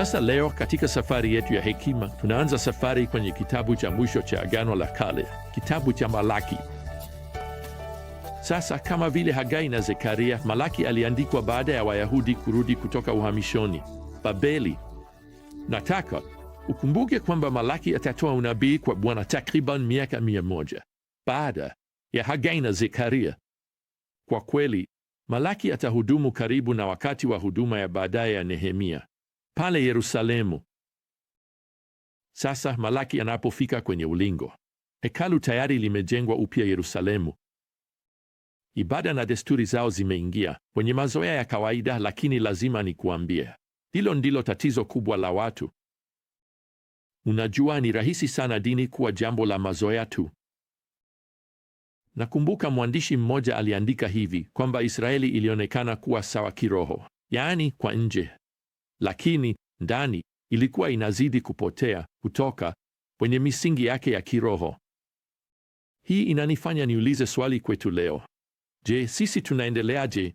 Sasa leo katika safari yetu ya hekima tunaanza safari kwenye kitabu cha mwisho cha Agano la Kale, kitabu cha Malaki. Sasa kama vile Hagai na Zekaria, Malaki aliandikwa baada ya Wayahudi kurudi kutoka uhamishoni Babeli. Nataka ukumbuke kwamba Malaki atatoa unabii kwa Bwana takriban miaka mia moja baada ya Hagai na Zekaria. Kwa kweli Malaki atahudumu karibu na wakati wa huduma ya baadaye ya Nehemia pale Yerusalemu. Sasa Malaki anapofika kwenye ulingo, hekalu tayari limejengwa upya Yerusalemu. Ibada na desturi zao zimeingia kwenye mazoea ya kawaida, lakini lazima nikuambie, hilo ndilo tatizo kubwa la watu. Unajua, ni rahisi sana dini kuwa jambo la mazoea tu. Nakumbuka mwandishi mmoja aliandika hivi kwamba Israeli ilionekana kuwa sawa kiroho, yaani kwa nje, lakini ndani ilikuwa inazidi kupotea kutoka kwenye misingi yake ya kiroho. Hii inanifanya niulize swali kwetu leo. Je, sisi tunaendeleaje?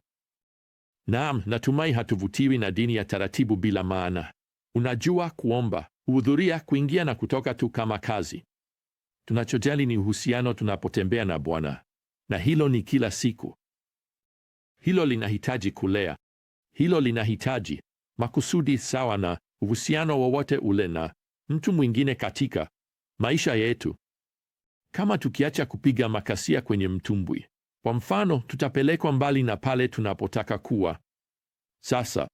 Naam, natumai hatuvutiwi na dini ya taratibu bila maana. Unajua, kuomba, kuhudhuria, kuingia na kutoka tu kama kazi. Tunachojali ni uhusiano tunapotembea na Bwana, na hilo ni kila siku. Hilo linahitaji kulea, hilo linahitaji makusudi sawa na uhusiano wowote ule na mtu mwingine katika maisha yetu. Kama tukiacha kupiga makasia kwenye mtumbwi, kwa mfano, tutapelekwa mbali na pale tunapotaka kuwa. Sasa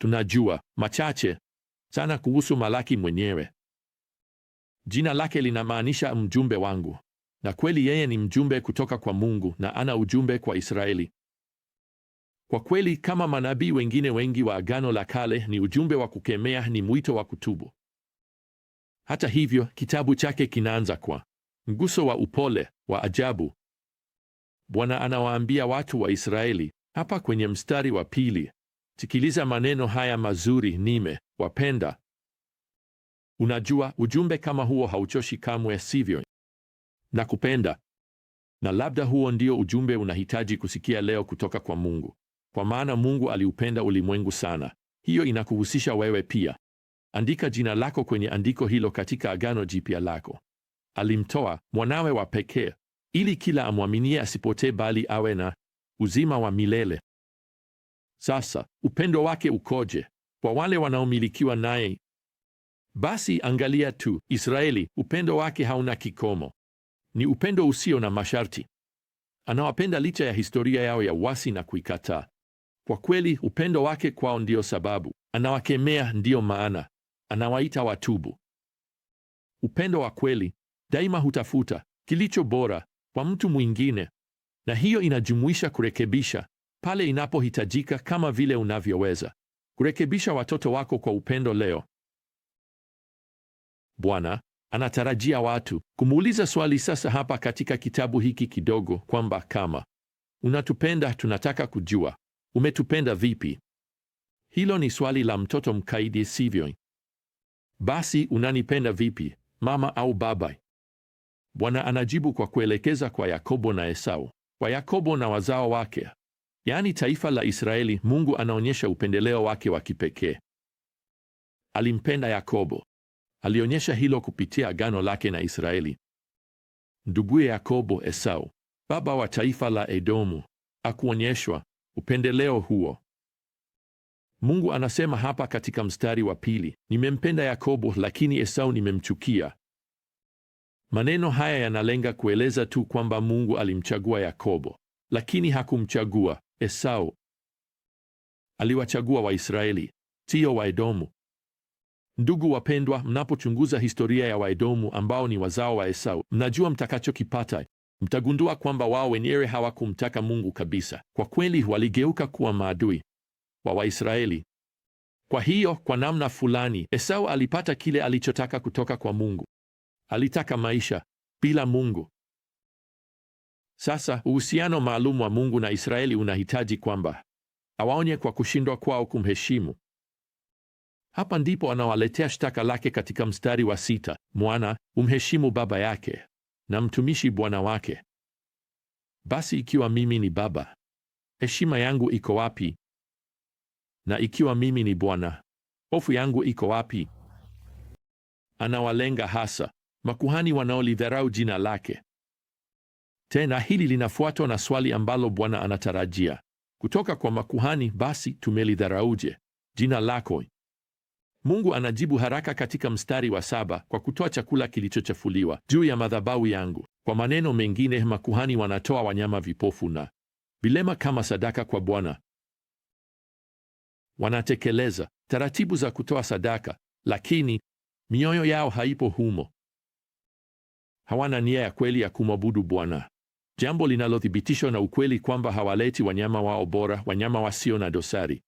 tunajua machache sana kuhusu Malaki mwenyewe. Jina lake linamaanisha mjumbe wangu, na kweli yeye ni mjumbe kutoka kwa Mungu na ana ujumbe kwa Israeli. Kwa kweli, kama manabii wengine wengi wa Agano la Kale, ni ujumbe wa kukemea, ni mwito wa kutubu. Hata hivyo, kitabu chake kinaanza kwa mguso wa upole wa ajabu. Bwana anawaambia watu wa Israeli hapa kwenye mstari wa pili, sikiliza maneno haya mazuri, nime wapenda Unajua, ujumbe kama huo hauchoshi kamwe, sivyo? Nakupenda. Na labda huo ndio ujumbe unahitaji kusikia leo kutoka kwa Mungu. Kwa maana Mungu aliupenda ulimwengu sana. Hiyo inakuhusisha wewe pia. Andika jina lako kwenye andiko hilo katika agano jipya lako. Alimtoa mwanawe wa pekee ili kila amwaminie asipotee bali awe na uzima wa milele. Sasa upendo wake ukoje kwa wale wanaomilikiwa naye? Basi angalia tu Israeli, upendo wake hauna kikomo. Ni upendo usio na masharti. Anawapenda licha ya historia yao ya uasi na kuikataa. Kwa kweli upendo wake kwao ndiyo sababu anawakemea, ndiyo maana anawaita watubu. Upendo wa kweli daima hutafuta kilicho bora kwa mtu mwingine, na hiyo inajumuisha kurekebisha pale inapohitajika, kama vile unavyoweza kurekebisha watoto wako kwa upendo leo. Bwana anatarajia watu kumuuliza swali sasa hapa katika kitabu hiki kidogo kwamba kama unatupenda, tunataka kujua Umetupenda vipi? Hilo ni swali la mtoto mkaidi, sivyo? Basi unanipenda vipi, mama au baba? Bwana anajibu kwa kuelekeza kwa Yakobo na Esau, kwa Yakobo na wazao wake, yaani taifa la Israeli. Mungu anaonyesha upendeleo wake wa kipekee. Alimpenda Yakobo, alionyesha hilo kupitia agano lake na Israeli. Nduguye Yakobo, Esau, baba wa taifa la Edomu, akuonyeshwa upendeleo huo. Mungu anasema hapa katika mstari wa pili, nimempenda Yakobo lakini Esau nimemchukia. Maneno haya yanalenga kueleza tu kwamba Mungu alimchagua Yakobo lakini hakumchagua Esau. Aliwachagua Waisraeli, sio Waedomu. Ndugu wapendwa, mnapochunguza historia ya Waedomu ambao ni wazao wa Esau, mnajua mtakachokipata mtagundua kwamba wao wenyewe hawakumtaka Mungu kabisa. Kwa kweli, waligeuka kuwa maadui wa Waisraeli. Kwa hiyo, kwa namna fulani, Esau alipata kile alichotaka kutoka kwa Mungu. Alitaka maisha bila Mungu. Sasa uhusiano maalum wa Mungu na Israeli unahitaji kwamba awaonye kwa kushindwa kwao kumheshimu. Hapa ndipo anawaletea shtaka lake katika mstari wa sita: mwana, umheshimu baba yake na mtumishi bwana wake. Basi ikiwa mimi ni baba, heshima yangu iko wapi? Na ikiwa mimi ni bwana, hofu yangu iko wapi? Anawalenga hasa makuhani wanaolidharau jina lake. Tena hili linafuatwa na swali ambalo Bwana anatarajia kutoka kwa makuhani: basi tumelidharauje jina lako, Mungu anajibu haraka katika mstari wa saba kwa kutoa chakula kilichochafuliwa juu ya madhabahu yangu. Kwa maneno mengine, makuhani wanatoa wanyama vipofu na vilema kama sadaka kwa Bwana. Wanatekeleza taratibu za kutoa sadaka, lakini mioyo yao haipo humo. Hawana nia ya kweli ya kumwabudu Bwana, jambo linalothibitishwa na ukweli kwamba hawaleti wanyama wao bora, wanyama wasio na dosari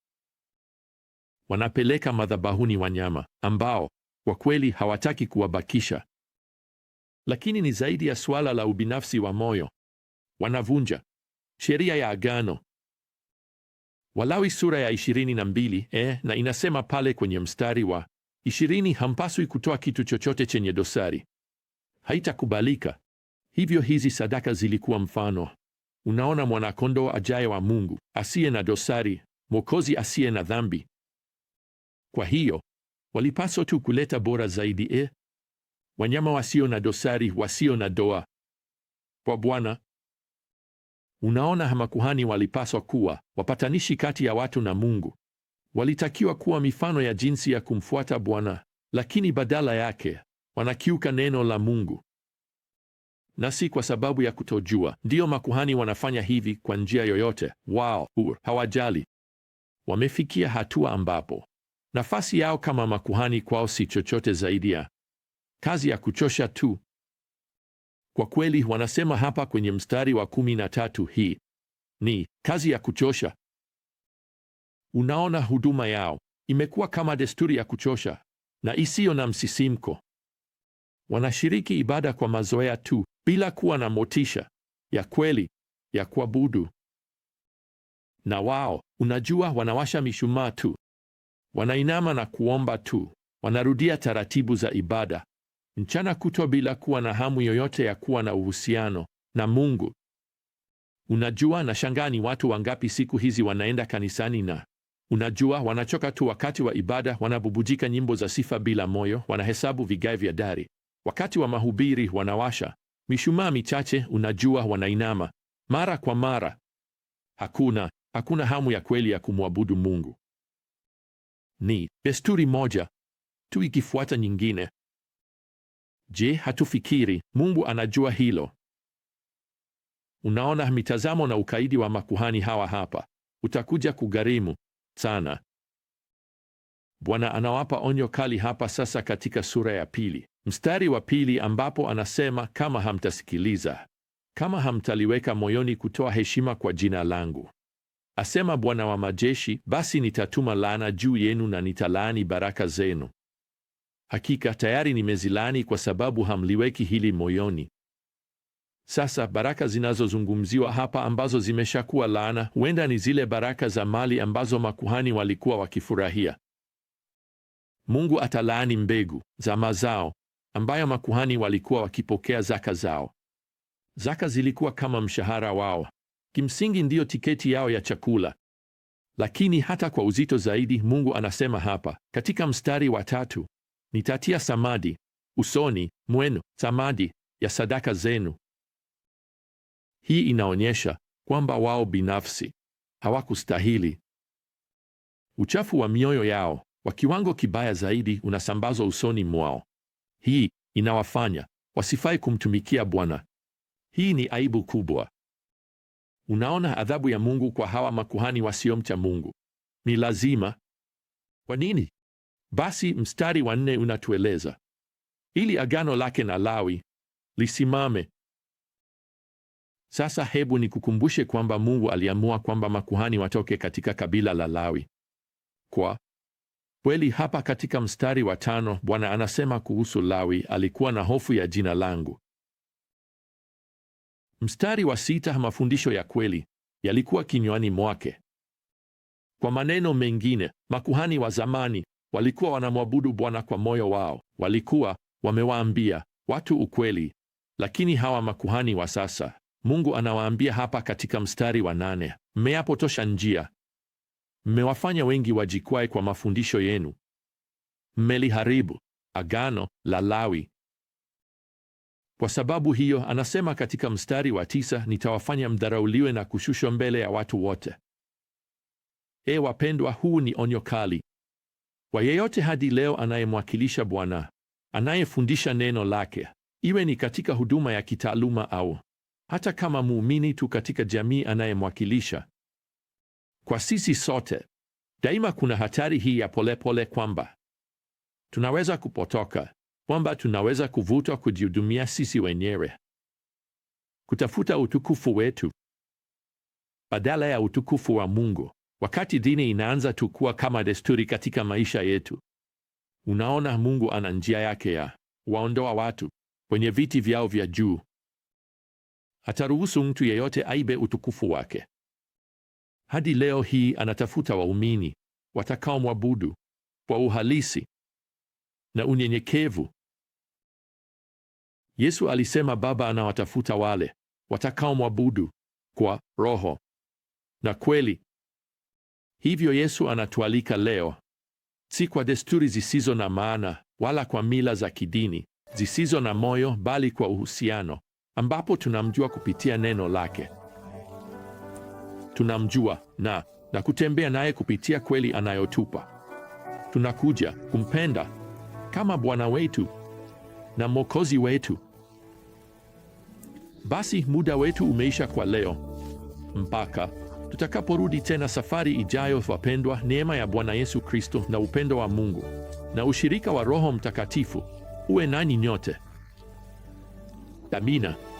wanapeleka madhabahuni wanyama ambao kwa kweli hawataki kuwabakisha. Lakini ni zaidi ya suala la ubinafsi wa moyo, wanavunja sheria ya agano. Walawi sura ya 22 eh, na inasema pale kwenye mstari wa 20, hampaswi kutoa kitu chochote chenye dosari, haitakubalika. Hivyo hizi sadaka zilikuwa mfano. Unaona, mwanakondoo ajaye wa Mungu asiye na dosari, mwokozi asiye na dhambi, kwa hiyo walipaswa tu kuleta bora zaidi, e, wanyama wasio na dosari, wasio na doa kwa Bwana. Unaona, makuhani walipaswa kuwa wapatanishi kati ya watu na Mungu. Walitakiwa kuwa mifano ya jinsi ya kumfuata Bwana, lakini badala yake wanakiuka neno la Mungu, na si kwa sababu ya kutojua. Ndiyo, makuhani wanafanya hivi kwa njia yoyote. Wao hawajali. Wamefikia hatua ambapo Nafasi yao kama makuhani kwao si chochote zaidi ya kazi ya kuchosha tu. Kwa kweli, wanasema hapa kwenye mstari wa kumi na tatu, hii ni kazi ya kuchosha. Unaona, huduma yao imekuwa kama desturi ya kuchosha na isiyo na msisimko. Wanashiriki ibada kwa mazoea tu bila kuwa na motisha ya kweli ya kuabudu. Na wao, unajua, wanawasha mishumaa tu Wanainama na kuomba tu, wanarudia taratibu za ibada mchana kuto bila kuwa na hamu yoyote ya kuwa na uhusiano na Mungu. Unajua, shangaa ni watu wangapi siku hizi wanaenda kanisani na unajua, wanachoka tu wakati wa ibada, wanabubujika nyimbo za sifa bila moyo, wanahesabu vigae vya dari, wakati wa mahubiri wanawasha mishumaa michache, unajua, wanainama mara kwa mara. Hakuna hakuna hamu ya kweli ya kumwabudu Mungu ni desturi moja tu ikifuata nyingine. Je, hatufikiri Mungu anajua hilo? Unaona, mitazamo na ukaidi wa makuhani hawa hapa utakuja kugharimu sana. Bwana anawapa onyo kali hapa sasa katika sura ya pili mstari wa pili ambapo anasema kama hamtasikiliza, kama hamtaliweka moyoni kutoa heshima kwa jina langu, asema Bwana wa majeshi, basi nitatuma laana juu yenu na nitalaani baraka zenu. Hakika tayari nimezilaani kwa sababu hamliweki hili moyoni. Sasa baraka zinazozungumziwa hapa ambazo zimeshakuwa laana, huenda ni zile baraka za mali ambazo makuhani walikuwa wakifurahia. Mungu atalaani mbegu za mazao ambayo makuhani walikuwa wakipokea zaka zao. Zaka zilikuwa kama mshahara wao kimsingi ndiyo tiketi yao ya chakula. Lakini hata kwa uzito zaidi, Mungu anasema hapa katika mstari wa tatu, nitatia samadi usoni mwenu, samadi ya sadaka zenu. Hii inaonyesha kwamba wao binafsi hawakustahili. Uchafu wa mioyo yao wa kiwango kibaya zaidi unasambazwa usoni mwao. Hii inawafanya wasifai kumtumikia Bwana. Hii ni aibu kubwa. Unaona adhabu ya Mungu kwa hawa makuhani wasiomcha Mungu. Ni lazima. Kwa nini? Basi mstari wa nne unatueleza ili agano lake na Lawi lisimame. Sasa hebu nikukumbushe kwamba Mungu aliamua kwamba makuhani watoke katika kabila la Lawi. Kwa kweli hapa katika mstari wa tano Bwana anasema kuhusu Lawi, alikuwa na hofu ya jina langu Mstari wa sita, mafundisho ya kweli yalikuwa kinywani mwake. Kwa maneno mengine, makuhani wa zamani walikuwa wanamwabudu Bwana kwa moyo wao, walikuwa wamewaambia watu ukweli. Lakini hawa makuhani wa sasa, Mungu anawaambia hapa katika mstari wa nane, mmeyapotosha njia, mmewafanya wengi wajikwae kwa mafundisho yenu, mmeliharibu agano la Lawi kwa sababu hiyo, anasema katika mstari wa tisa, nitawafanya mdharauliwe na kushushwa mbele ya watu wote. E wapendwa, huu ni onyo kali kwa yeyote hadi leo anayemwakilisha Bwana, anayefundisha neno lake, iwe ni katika huduma ya kitaaluma au hata kama muumini tu katika jamii anayemwakilisha. Kwa sisi sote daima kuna hatari hii ya polepole pole kwamba tunaweza kupotoka kwamba tunaweza kuvutwa kujihudumia sisi wenyewe, kutafuta utukufu wetu badala ya utukufu wa Mungu. Wakati dini inaanza tu kuwa kama desturi katika maisha yetu, unaona, Mungu ana njia yake ya waondoa watu kwenye viti vyao vya juu. Ataruhusu mtu yeyote aibe utukufu wake. Hadi leo hii anatafuta waumini watakaomwabudu kwa uhalisi na unyenyekevu. Yesu alisema Baba anawatafuta wale watakaomwabudu kwa roho na kweli. Hivyo Yesu anatualika leo, si kwa desturi zisizo na maana wala kwa mila za kidini zisizo na moyo, bali kwa uhusiano ambapo tunamjua kupitia neno lake, tunamjua na na kutembea naye kupitia kweli anayotupa. Tunakuja kumpenda kama Bwana wetu na Mwokozi wetu. Basi muda wetu umeisha kwa leo, mpaka tutakaporudi tena safari ijayo. Wapendwa, neema ya Bwana Yesu Kristo na upendo wa Mungu na ushirika wa Roho Mtakatifu uwe nani nyote. Amina.